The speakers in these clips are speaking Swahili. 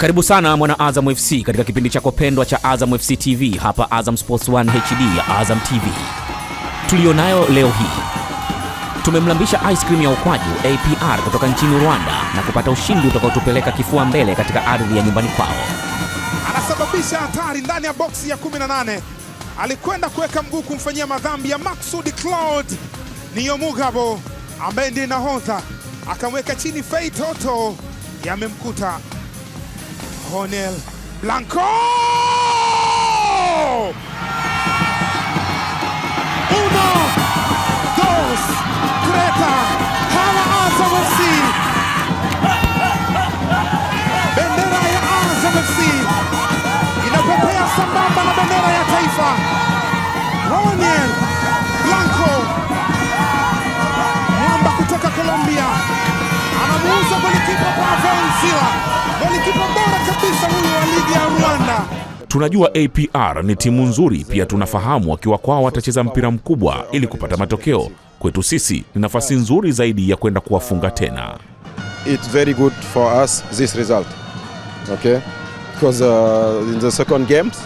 Karibu sana mwana Azam FC katika kipindi chako pendwa cha Azam FC TV hapa Azam Sports 1 HD ya Azam TV. tuliyonayo leo hii tumemlambisha ice cream ya ukwaju APR kutoka nchini Rwanda na kupata ushindi utakaotupeleka kifua mbele katika ardhi ya nyumbani kwao. Anasababisha hatari ndani ya boksi ya 18, alikwenda kuweka mguu kumfanyia madhambi ya Maksudi niyo Niyomugabo ambaye ndiye nahodha, akamweka chini. Feitoto yamemkuta Ronel Blanco uno dos kreta Hala Azam FC bendera ya Azam FC inapepea sambamba na bendera ya taifa. Ronel Blanco mwamba kutoka Colombia anamuuza golikipa kwa Sila golikipa bora kabisa wa ligi ya Rwanda. Tunajua APR ni timu nzuri, pia tunafahamu wakiwa kwao watacheza mpira mkubwa ili kupata matokeo. Kwetu sisi ni nafasi nzuri zaidi ya kwenda kuwafunga tena. It's very good for us this result. Okay? Because uh, in the second games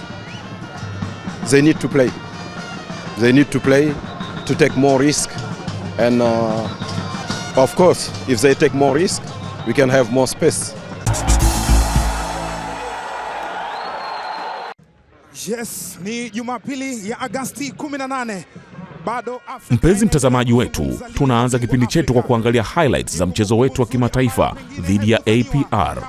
they need to play. They need to play to take more risk and uh, of course if they take more risk we can have more space. Yes, ni Jumapili ya Agasti 18. Bado mpenzi mtazamaji wetu, tunaanza kipindi chetu kwa kuangalia highlights za mchezo wetu wa kimataifa dhidi ya APR.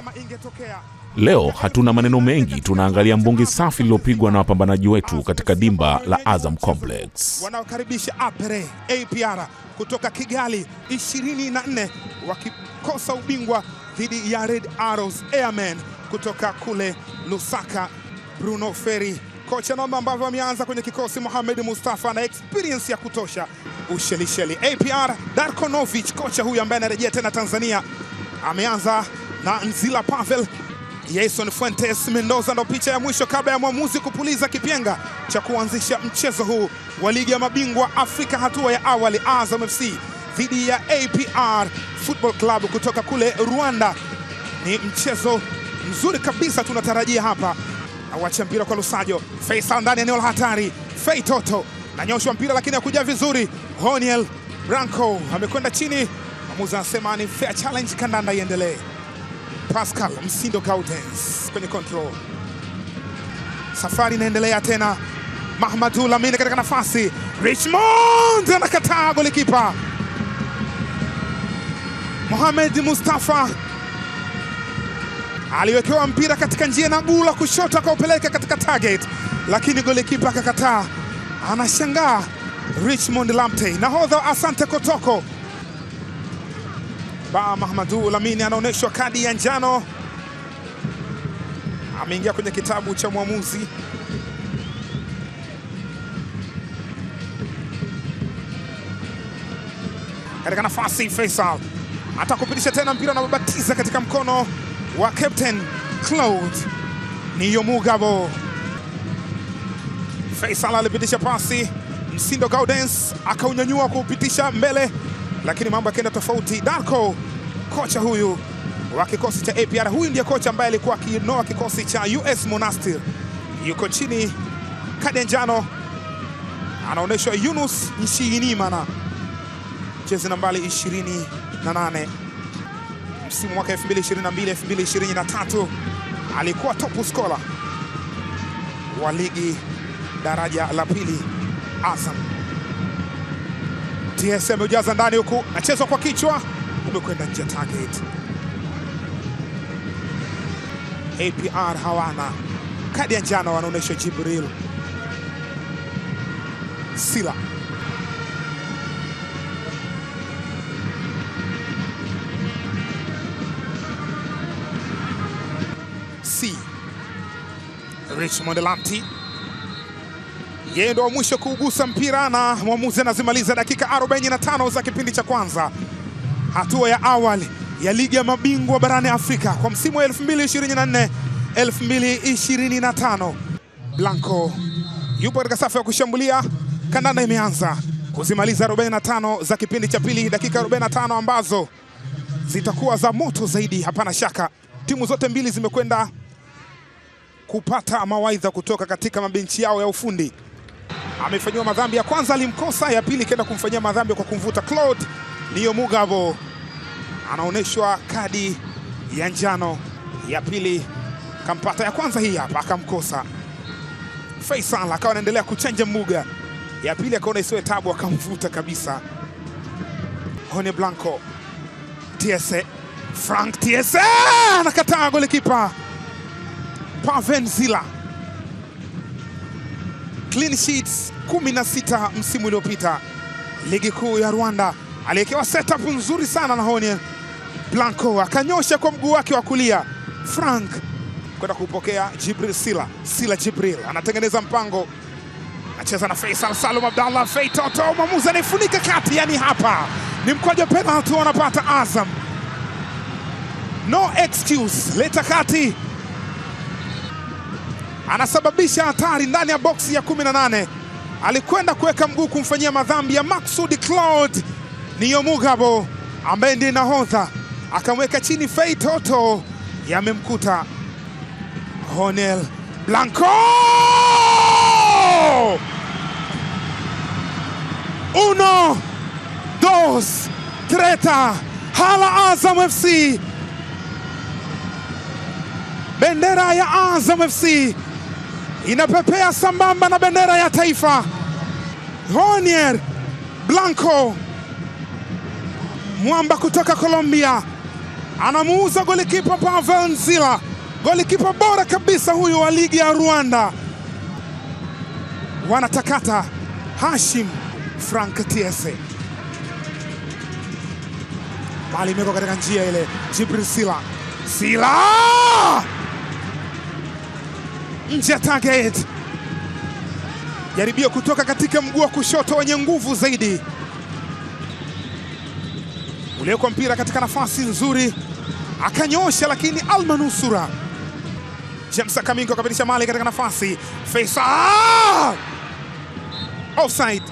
Leo hatuna maneno mengi, tunaangalia mbungi safi lililopigwa na wapambanaji wetu katika dimba la Azam Complex. Wanaokaribisha apre APR kutoka Kigali 24 wakikosa ubingwa dhidi ya Red Arrows Airmen kutoka kule Lusaka. Bruno Ferry Kocha namna ambavyo ameanza kwenye kikosi Mohamed Mustafa na experience ya kutosha Ushelisheli. APR Darkonovic, kocha huyu ambaye anarejea tena Tanzania, ameanza na Nzila Pavel Jason Fuentes Mendoza ndo picha ya mwisho kabla ya mwamuzi kupuliza kipenga cha kuanzisha mchezo huu wa ligi ya mabingwa Afrika hatua ya awali, Azam FC dhidi ya APR Football Club kutoka kule Rwanda. Ni mchezo mzuri kabisa tunatarajia hapa auachia mpira kwa Lusajo. Faisal ndani eneo la hatari, Fei Toto nanyoshwa mpira lakini hakuja vizuri. Honiel Branco amekwenda chini, mwamuzi anasema ni fair challenge, kandanda iendelee. Pascal Msindo Gaudens kwenye control, safari inaendelea tena. Mahmadu Lamine katika nafasi, Richmond anakataa, golikipa Mohamed Mustafa aliwekewa mpira katika njia na mguu la kushoto akaupeleka katika target, lakini golikipa akakataa. Anashangaa Richmond lamte nahodha Asante Kotoko. Ba Mahamadu Lamini anaonyeshwa kadi ya njano, ameingia kwenye kitabu cha mwamuzi. Katika nafasi Faisal atakupitisha tena mpira, anababatiza katika mkono wa Captain Claude niyo Mugabo. Faisal alipitisha pasi, Msindo Gaudens akaunyanyua kupitisha mbele, lakini mambo yakaenda tofauti. Darko, kocha huyu wa kikosi cha APR, huyu ndiye kocha ambaye alikuwa akinoa kikosi cha US Monastir, yuko chini kadi njano, anaonyeshwa Yunus Nshiinimana, jezi nambali 28 msimu mwaka 2022 2023 alikuwa top scorer wa ligi daraja la pili Azam. TS ameujaza ndani huku, nachezwa kwa kichwa, umekwenda nje ya target. APR hawana kadi ya njano, wanaonyesha Jibril Sila. Richmond Lanti, yeye ndo wa mwisho kuugusa mpira na mwamuzi anazimaliza dakika 45 za kipindi cha kwanza hatua ya awali ya ligi ya mabingwa barani Afrika kwa msimu wa 2024 2025. Blanco yupo katika safu ya kushambulia, kandanda imeanza kuzimaliza 45 za kipindi cha pili, dakika 45 ambazo zitakuwa za moto zaidi, hapana shaka. Timu zote mbili zimekwenda kupata mawaidha kutoka katika mabenchi yao ya ufundi. Amefanyiwa madhambi, ya kwanza alimkosa, ya pili kenda kumfanyia madhambi kwa kumvuta Claude Niyo Mugabo, anaonyeshwa kadi ya njano ya pili, kampata ya kwanza hii hapa, akamkosa Faisal, akawa anaendelea kuchanja Muga, ya pili akaona isiwe tabu, akamvuta kabisa. Hone Blanco Tiese, Frank Tiese anakataa golikipa Paven Zila, clean sheets 16 msimu uliopita ligi kuu ya Rwanda. Aliwekewa setup nzuri sana na Honye Blanco, akanyosha kwa mguu wake wa kulia Frank kwenda kupokea Jibril Sila. Sila Jibril anatengeneza mpango, anacheza na Faisal Salum Abdallah feitoto Toto, mwamuzi anaifunika kati. Yani hapa ni mkwaju penalty wanapata Azam, no excuse, leta kati anasababisha hatari ndani ya boksi ya 18. Alikwenda kuweka mguu kumfanyia madhambi ya Maksudi Claude Niyomugabo ambaye ndiye nahodha, akamweka chini. Fei Toto yamemkuta Honel Blanco uno dos treta hala Azam FC, bendera ya Azam FC inapepea sambamba na bendera ya taifa. Ronier Blanco mwamba kutoka Colombia anamuuza golikipa Pavel Nzila, golikipa bora kabisa huyu wa ligi ya Rwanda. Wanatakata Hashim Frank Tiese, bali imeko katika njia ile. Jibril Sila, Sila nje ya target. Jaribio kutoka katika mguu wa kushoto wenye nguvu zaidi, uliwekwa mpira katika nafasi nzuri, akanyosha lakini almanusura. James Kamingo akapitisha mali katika nafasi, Faisal offside.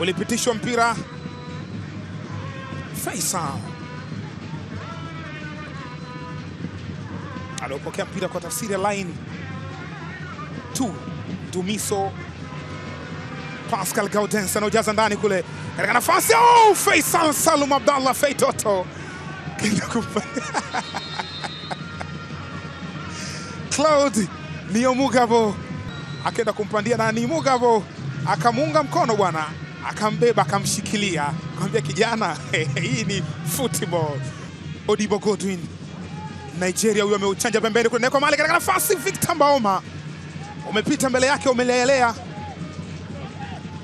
Ulipitishwa mpira Faisal pokea mpira kwa tafsiri ya line tu Dumiso Pascal Gaudens anaojaza ndani kule katika nafasi. Oh, Faisal Salum Abdallah Feitoto Claude niyo Mugabo akaenda kumpandia na ni Mugabo akamuunga mkono bwana, akambeba akamshikilia, akamwambia kijana, hii ni football. Odibo Godwin Nigeria huyo ameuchanja pembeni kule, nawekwa mali katika nafasi. Victor Mbaoma umepita mbele yake, umelelea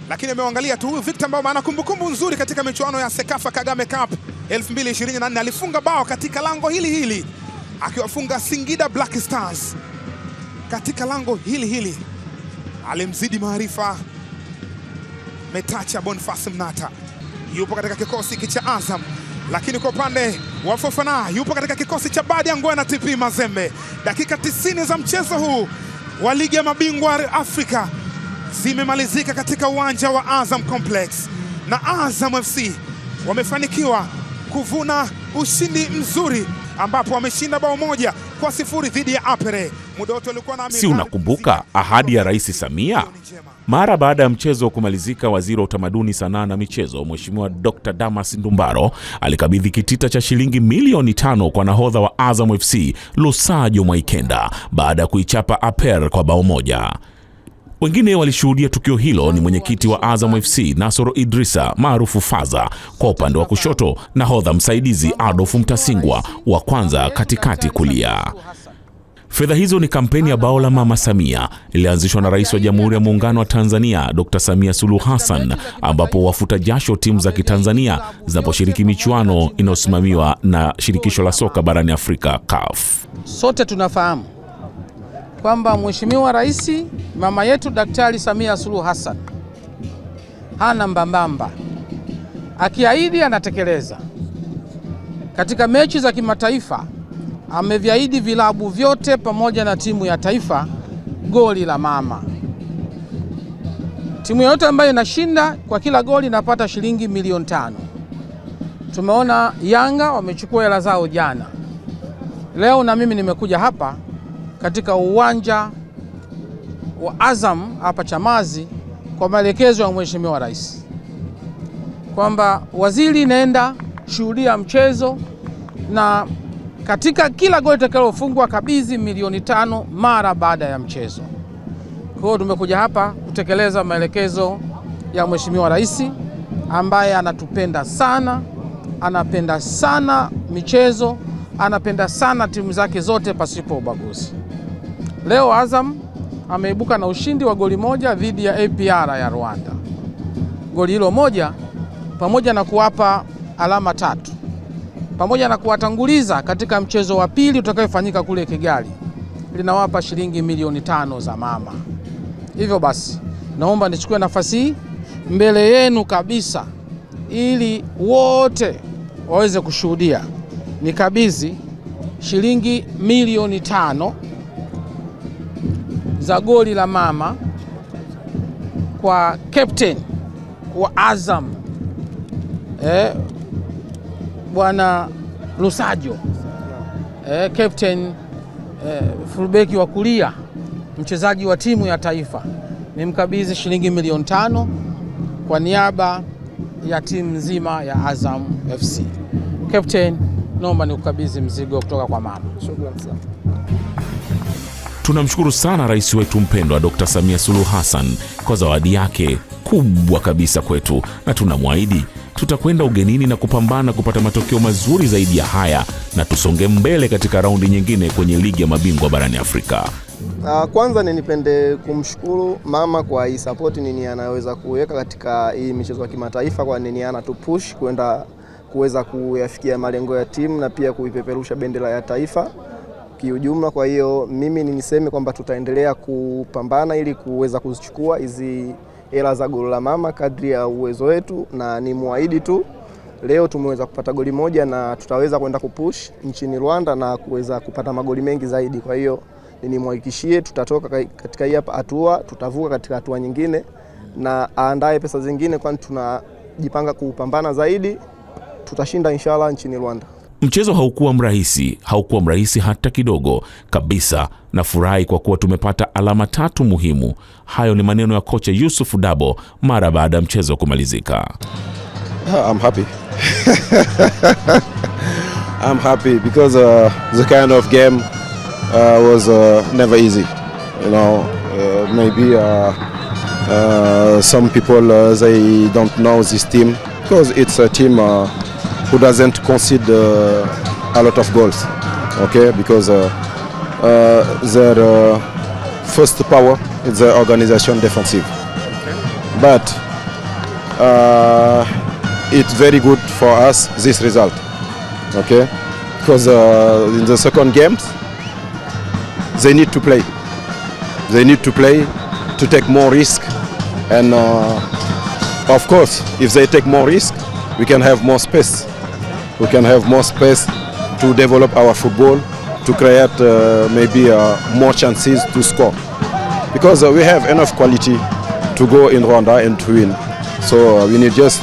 lakini ameangalia tu. Huyu Victor Mbaoma ana kumbukumbu nzuri katika michuano ya Sekafa Kagame Cup 2024 alifunga bao katika lango hili hili akiwafunga Singida Black Stars katika lango hili hili, alimzidi maarifa Metacha Boniface Mnata, yupo katika kikosi hiki cha Azam lakini kwa upande wa Fofana yupo katika kikosi cha Badi Angwe na TP Mazembe. Dakika tisini za mchezo huu wa ligi ya mabingwa Afrika zimemalizika katika uwanja wa Azam Complex, na Azam FC wamefanikiwa kuvuna ushindi mzuri ambapo wameshinda bao moja kwa sifuri dhidi ya Apere. Mudoto alikuwa na si unakumbuka ahadi ya Rais Samia mara baada ya mchezo wa kumalizika, waziri wa utamaduni, sanaa na michezo Mheshimiwa Dr. Damas Ndumbaro alikabidhi kitita cha shilingi milioni tano kwa nahodha wa Azam FC Lusajo Mwaikenda baada ya kuichapa Aper kwa bao moja. Wengine walishuhudia tukio hilo ni mwenyekiti wa Azam FC Nasoro Idrisa maarufu Faza kwa upande wa kushoto, nahodha msaidizi Adolf Mtasingwa wa kwanza katikati kulia. Fedha hizo ni kampeni ya bao la Mama Samia ilianzishwa na Rais wa Jamhuri ya Muungano wa Tanzania Dr. Samia Suluhu Hassan, ambapo wafuta jasho timu za kitanzania zinaposhiriki michuano inayosimamiwa na shirikisho la soka barani Afrika CAF. Sote tunafahamu kwamba Mheshimiwa Rais mama yetu Daktari Samia Suluhu Hassan hana mbambamba, akiahidi anatekeleza. Katika mechi za kimataifa ameviahidi vilabu vyote pamoja na timu ya taifa goli la mama. Timu yoyote ambayo inashinda kwa kila goli inapata shilingi milioni tano. Tumeona Yanga wamechukua hela zao jana. Leo na mimi nimekuja hapa katika uwanja wa Azam hapa Chamazi kwa maelekezo ya Mheshimiwa Rais kwamba waziri, naenda shuhudia mchezo na katika kila goli litakalofungwa kabidhi milioni tano mara baada ya mchezo. Kwa hiyo tumekuja hapa kutekeleza maelekezo ya Mheshimiwa Rais ambaye anatupenda sana, anapenda sana michezo, anapenda sana timu zake zote pasipo ubaguzi. Leo Azam ameibuka na ushindi wa goli moja dhidi ya APR ya Rwanda. Goli hilo moja pamoja na kuwapa alama tatu pamoja na kuwatanguliza katika mchezo wa pili utakayofanyika kule Kigali linawapa shilingi milioni tano za mama. Hivyo basi, naomba nichukue nafasi hii mbele yenu kabisa ili wote waweze kushuhudia nikabidhi shilingi milioni tano za goli la mama kwa captain wa Azam eh, bwana Lusajo eh, captain eh, fullback wa kulia mchezaji wa timu ya taifa, mkabidhi shilingi milioni tano kwa niaba ya timu nzima ya Azam FC. Captain, naomba nikukabidhi mzigo kutoka kwa mama. Shukrani sana. Tunamshukuru sana rais wetu mpendwa Dr. Samia Suluhu Hassan kwa zawadi yake kubwa kabisa kwetu, na tunamwahidi tutakwenda ugenini na kupambana kupata matokeo mazuri zaidi ya haya na tusonge mbele katika raundi nyingine kwenye ligi ya mabingwa barani Afrika. Ah, kwanza ninipende kumshukuru mama kwa hii sapoti nini anaweza kuweka katika hii michezo ya kimataifa, kwa nini anatupush kwenda kuweza kuyafikia malengo ya timu na pia kuipeperusha bendera ya taifa kiujumla. Kwa hiyo mimi niseme kwamba tutaendelea kupambana ili kuweza kuzichukua hizi hela za goli la mama kadri ya uwezo wetu, na ni muahidi tu leo tumeweza kupata goli moja na tutaweza kwenda kupush nchini Rwanda na kuweza kupata magoli mengi zaidi. Kwa hiyo nimhakikishie tutatoka katika hii hapa hatua, tutavuka katika hatua nyingine, na aandae pesa zingine, kwani tunajipanga kupambana zaidi, tutashinda inshallah nchini Rwanda. Mchezo haukuwa mrahisi, haukuwa mrahisi hata kidogo kabisa. na furahi kwa kuwa tumepata alama tatu muhimu. Hayo ni maneno ya kocha Yusuf Dabo mara baada ya mchezo kumalizika. Ah, I'm happy. I'm happy because uh, the kind of game uh, was uh, never easy. You know, uh, maybe uh, uh, some people uh, they don't know this team because it's a team uh, who doesn't concede uh, a lot of goals. Okay, because uh, uh, their first power is the organization defensive. Okay. But it's very good for us this result. Okay, because in the second games they need to play. They need to play to take more risk. And uh, of course, if they take more risk, we can have more space we can have more space to develop our football, to create uh, maybe uh, more chances to score. Because uh, we have enough quality to go in Rwanda and to win. So uh, we need just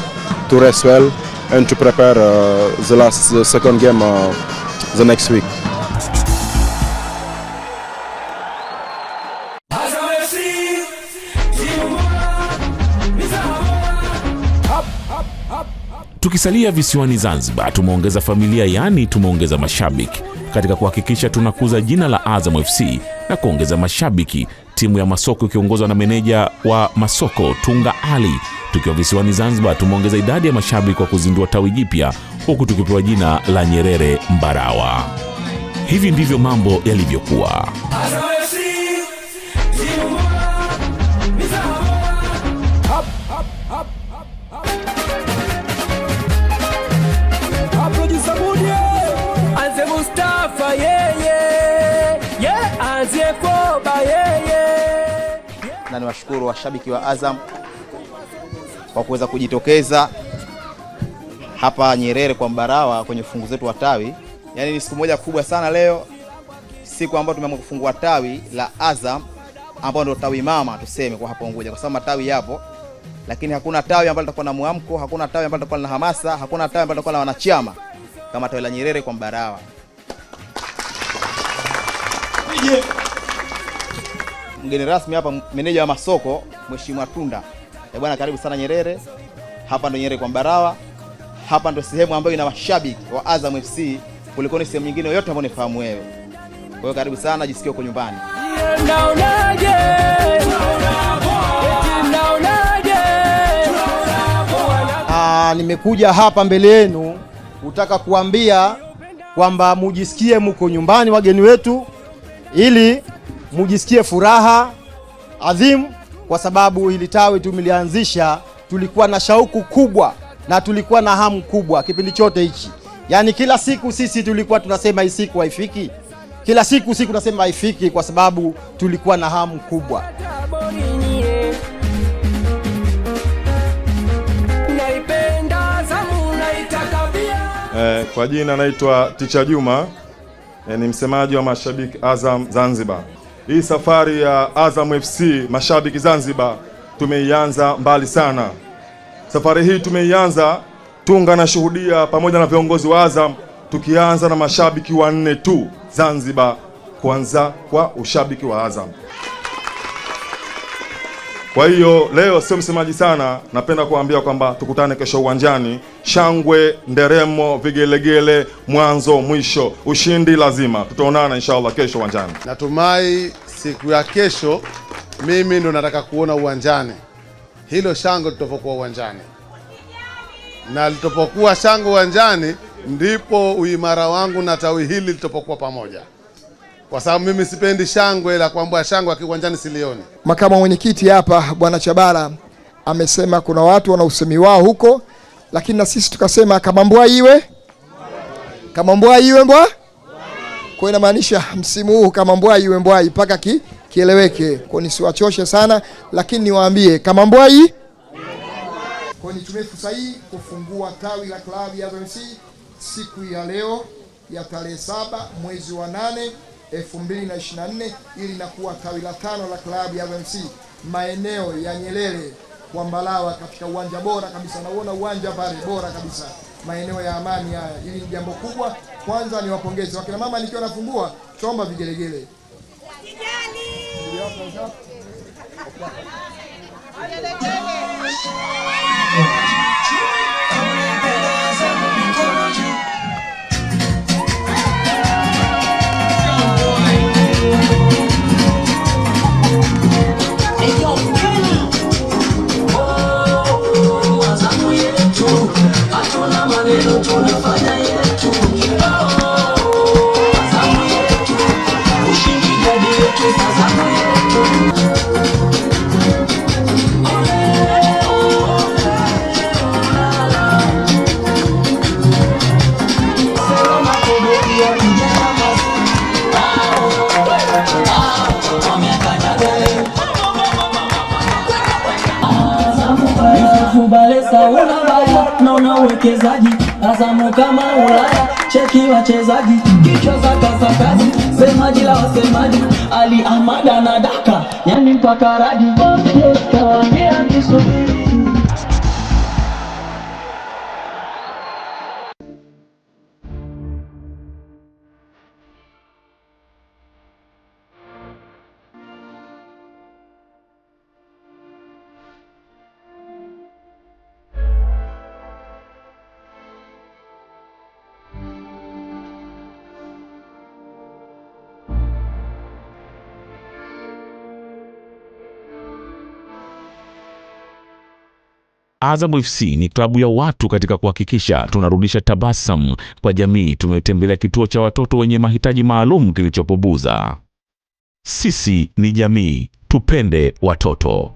to rest well and to prepare uh, the last the second game uh, the next week. Tukisalia visiwani Zanzibar, tumeongeza familia, yaani tumeongeza mashabiki katika kuhakikisha tunakuza jina la Azam FC na kuongeza mashabiki, timu ya masoko ikiongozwa na meneja wa masoko Tunga Ali. Tukiwa visiwani Zanzibar, tumeongeza idadi ya mashabiki kwa kuzindua tawi jipya, huku tukipewa jina la Nyerere Mbarawa. Hivi ndivyo mambo yalivyokuwa. na niwashukuru washabiki wa Azam kwa kuweza kujitokeza hapa Nyerere kwa Mbarawa kwenye fungu zetu wa tawi. Yaani ni siku moja kubwa sana leo, siku ambayo tumeamua kufungua tawi la Azam ambao ndio tawi mama tuseme kwa hapo Unguja, kwa sababu matawi yapo, lakini hakuna tawi ambalo litakuwa na mwamko, hakuna tawi ambalo litakuwa na hamasa, hakuna tawi ambalo litakuwa na wanachama kama tawi la Nyerere kwa Mbarawa mgeni rasmi hapa, meneja wa masoko Mheshimiwa Tunda. Eh bwana, karibu sana Nyerere. Hapa ndo Nyerere kwa Mbarawa, hapa ndo sehemu ambayo ina mashabiki wa Azam FC kuliko ni sehemu nyingine yoyote ambayo nifahamu wewe. Kwa hiyo karibu sana, jisikie uko nyumbani. Ah, nimekuja hapa mbele yenu kutaka kuambia kwamba mujisikie muko nyumbani, wageni wetu, ili mujisikie furaha adhimu, kwa sababu hili tawi tumelianzisha, tulikuwa na shauku kubwa na tulikuwa na hamu kubwa kipindi chote hichi. Yaani kila siku sisi tulikuwa tunasema hii siku haifiki, kila siku sisi tunasema haifiki, kwa sababu tulikuwa na hamu kubwa. Eh, kwa jina naitwa Ticha Juma, eh, ni msemaji wa mashabiki Azam Zanzibar. Hii safari ya Azam FC mashabiki Zanzibar tumeianza mbali sana. Safari hii tumeianza tunga na shuhudia pamoja na viongozi wa Azam tukianza na mashabiki wanne tu Zanzibar kuanza kwa ushabiki wa Azam. Kwa hiyo leo sio msemaji sana, napenda kuambia kwamba tukutane kesho uwanjani. Shangwe, nderemo, vigelegele, mwanzo mwisho, ushindi lazima. Tutaonana inshallah kesho uwanjani. Natumai siku ya kesho mimi ndo nataka kuona uwanjani hilo shangwe litopokuwa uwanjani, na litopokuwa shangwe uwanjani ndipo uimara wangu na tawi hili litapokuwa pamoja kwa sababu mimi sipendi shangwe la kwamba shangwe akiwanjani silioni. Makamu mwenyekiti hapa Bwana Chabara amesema kuna watu wana usemi wao huko, lakini na sisi tukasema kama mbwa iwe kama mbwa iwe mbwa. Kwa inamaanisha msimu huu kama mbwa iwe mbwa mpaka ki, kieleweke. Kwa nisiwachoshe sana, lakini niwaambie kama mbwa hii. Kwa nitumie fursa hii kufungua tawi la klabu ya Azam FC siku ya leo ya tarehe saba mwezi wa nane 2024 ili nakuwa tawi la tano la klabu ya MC maeneo ya Nyerere kwa Mbalawa katika uwanja bora kabisa, nauona uwanja pale bora kabisa maeneo ya amani haya. Hili ni jambo kubwa. Kwanza ni wapongeze wakina mama, nikiwa nafungua chomba vigelegele Baresa una baya na una uwekezaji Azamu kama Ulaya, cheki wachezaji kichwa za kasakazi, semaji la wasemaji, Ali ahmada na Daka, yani mpaka radi Azam FC ni klabu ya watu katika kuhakikisha tunarudisha tabasamu kwa jamii. Tumetembelea kituo cha watoto wenye mahitaji maalum kilichopo Buza. Sisi ni jamii, tupende watoto.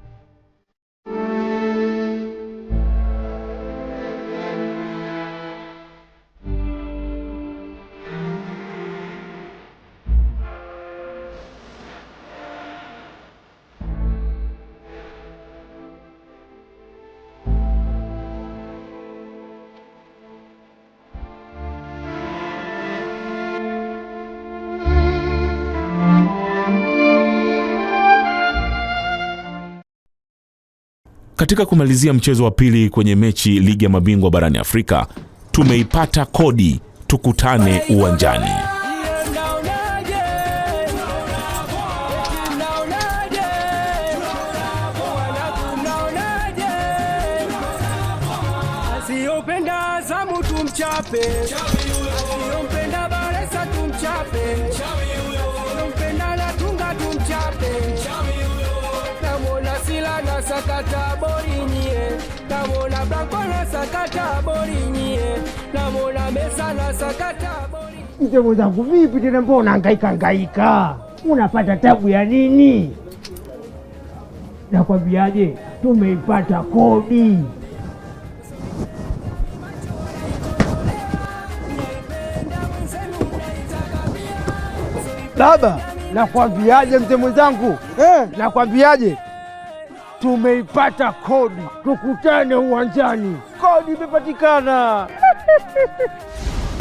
Katika kumalizia mchezo wa pili kwenye mechi ligi ya mabingwa barani Afrika, tumeipata kodi. Tukutane uwanjani. Asiyopenda zamu tumchape. sakata bori nyie namona blanco na sakata bori nyie namona mesa na sakata bori mzee mwenzangu vipi tena mbona hangaika hangaika unapata tabu ya nini nakwambiaje tumeipata kodi baba nakwambiaje mzee mwenzangu eh, nakwambiaje tumeipata kodi, tukutane uwanjani. Kodi imepatikana.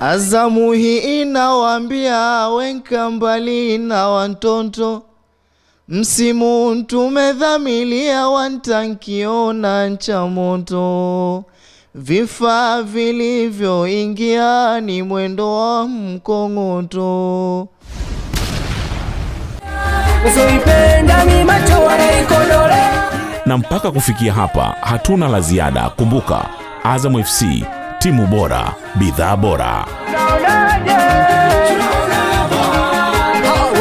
Azamu hii inawambia wenka mbali na wantoto, msimu tumedhamilia wantankiona ncha moto, vifaa vilivyoingia ni mwendo wa mkong'oto usioipenda ni macho Na mpaka kufikia hapa hatuna la ziada. Kumbuka, Azam FC timu bora, bidhaa bora.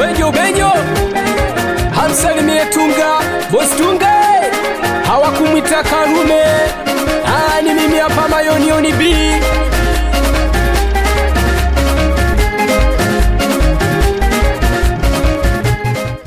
Wenjo hawakumwita Karume. Ni mimi hapa mayonioni